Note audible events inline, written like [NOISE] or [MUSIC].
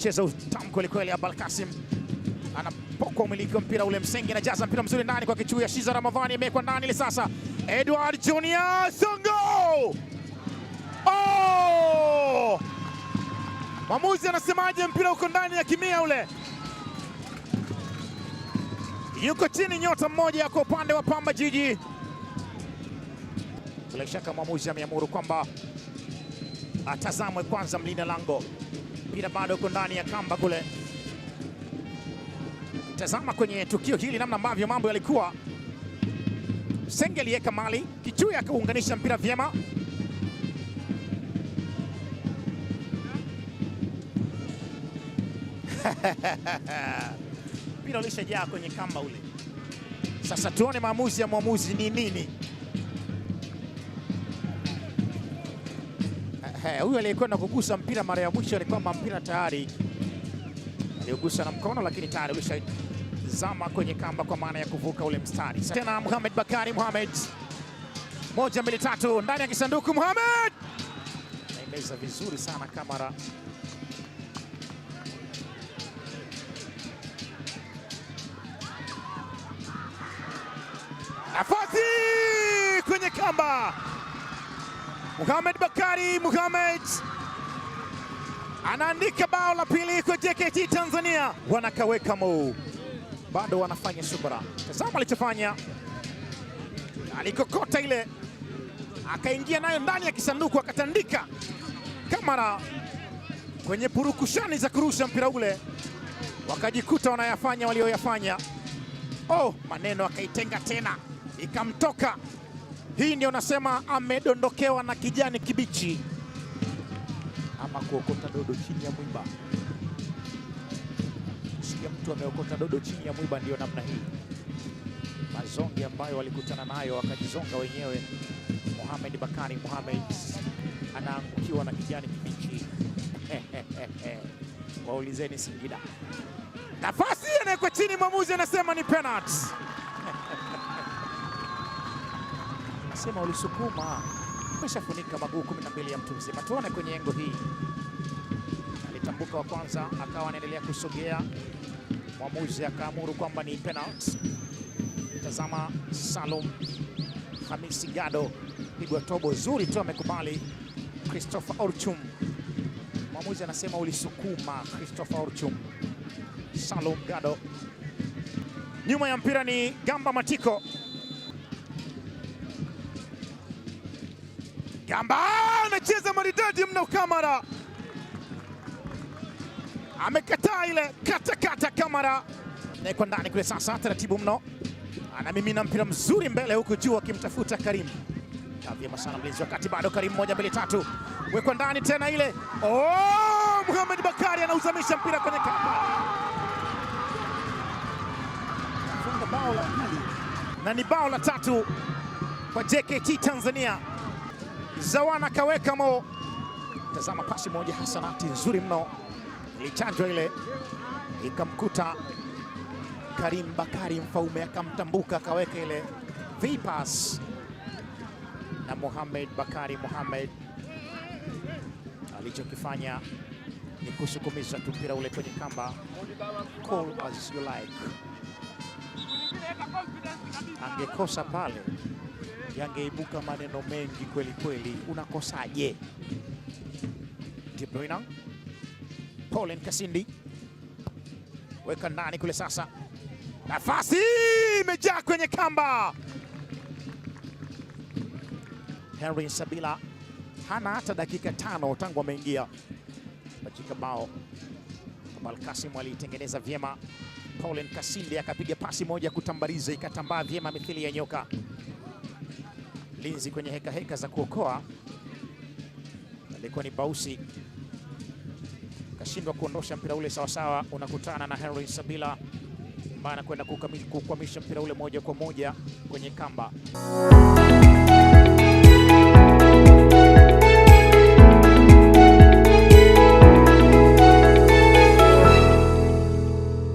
cheza utamu kwelikweli. Abalkasim anapokwa umiliki wa mpira ule, Msengi anajaza mpira mzuri ndani kwa kichuu ya Shiza Ramadhani, imewekwa ndani ile. Sasa Edward Junior Songo, oh! mwamuzi anasemaje? Mpira uko ndani ya kimia ule, yuko chini nyota mmoja kwa upande wa Pamba Jiji. Bila shaka mwamuzi ameamuru kwamba atazamwe kwanza mlinda lango mpira bado uko ndani ya kamba kule. Tazama kwenye tukio hili namna ambavyo mambo yalikuwa. Senge aliweka mali Kichui akaunganisha mpira vyema, [LAUGHS] mpira ulishajaa kwenye kamba ule. Sasa tuone maamuzi ya mwamuzi ni nini? Eh, huyu aliyekwenda kugusa mpira mara ya mwisho ni kwamba mpira tayari aliogusa na mkono, lakini tayari ulishazama kwenye kamba kwa maana ya kuvuka ule mstari. Tena Mohamed Bakari Mohamed, moja mbili tatu, ndani ya kisanduku. Mohamed naimeza vizuri sana kamera nafasi kwenye kamba muhamed Bakari muhamed anaandika bao la pili kwa JKT Tanzania, wanakaweka mo, bado wanafanya subra. Tazama alichofanya, alikokota ile akaingia nayo ndani ya kisanduku akatandika kamera kwenye purukushani za kurusha mpira ule, wakajikuta wanayafanya walioyafanya. Oh, maneno akaitenga tena ikamtoka. Hii ndio nasema amedondokewa na kijani kibichi ama kuokota dodo chini ya mwiba. Sikia mtu ameokota dodo chini ya mwiba, ndiyo namna hii. mazongi ambayo walikutana nayo wakajizonga wenyewe. muhamed Bakari muhamed anaangukiwa na kijani kibichi. [LAUGHS] Waulizeni Singida, nafasi anawekwa chini, mwamuzi anasema ni penalty. [LAUGHS] sema ulisukuma umeshafunika maguu 12 ya mtu mzima. Tuone kwenye engo hii, alitambuka wa kwanza akawa anaendelea kusogea, mwamuzi akaamuru kwamba ni penalti. Tazama Salum Hamisi Gado pigwa tobo zuri tu, amekubali Christopher Orchum. Mwamuzi anasema ulisukuma Christopher Orchum. Salum Gado nyuma ya mpira ni Gamba Matiko. Gamba anacheza maridadi mno. Kamara amekataa ile katakata. Kamara naekwa ndani kule, sasa taratibu mno, anamimina mpira mzuri mbele, huku juu akimtafuta Karimu vyema sana mlinzi wakati bado. Karimu moja mbili tatu, wekwa ndani tena ile. Oh, Muhamed Bakari anauzamisha mpira kwenye kamba, funga bao la pili na ni bao la tatu kwa JKT Tanzania zawana kaweka mo Tazama pasi moja hasanati nzuri mno, ilichanjwa ile ikamkuta Karim Bakari Mfaume akamtambuka akaweka ile vipas, na Mohamed Bakari Mohamed alichokifanya ni kusukumiza tupira ule kwenye kamba, call as you like, angekosa pale yangeibuka maneno mengi kweli kweli. Unakosaje? De paulin Kasindi weka ndani kule, sasa nafasi imejaa kwenye kamba. Henry Sabila hana hata dakika tano tangu ameingia dakika bao. Kamal Kasim aliitengeneza vyema, Paulen Kasindi akapiga pasi moja kutambariza, ikatambaa vyema mithili ya nyoka. Linzi kwenye heka heka za kuokoa, alikuwa ni Bausi, kashindwa kuondosha mpira ule sawasawa. Unakutana na Henry Sabila ambaye anakwenda kukwamisha mpira ule moja kwa moja kwenye kamba.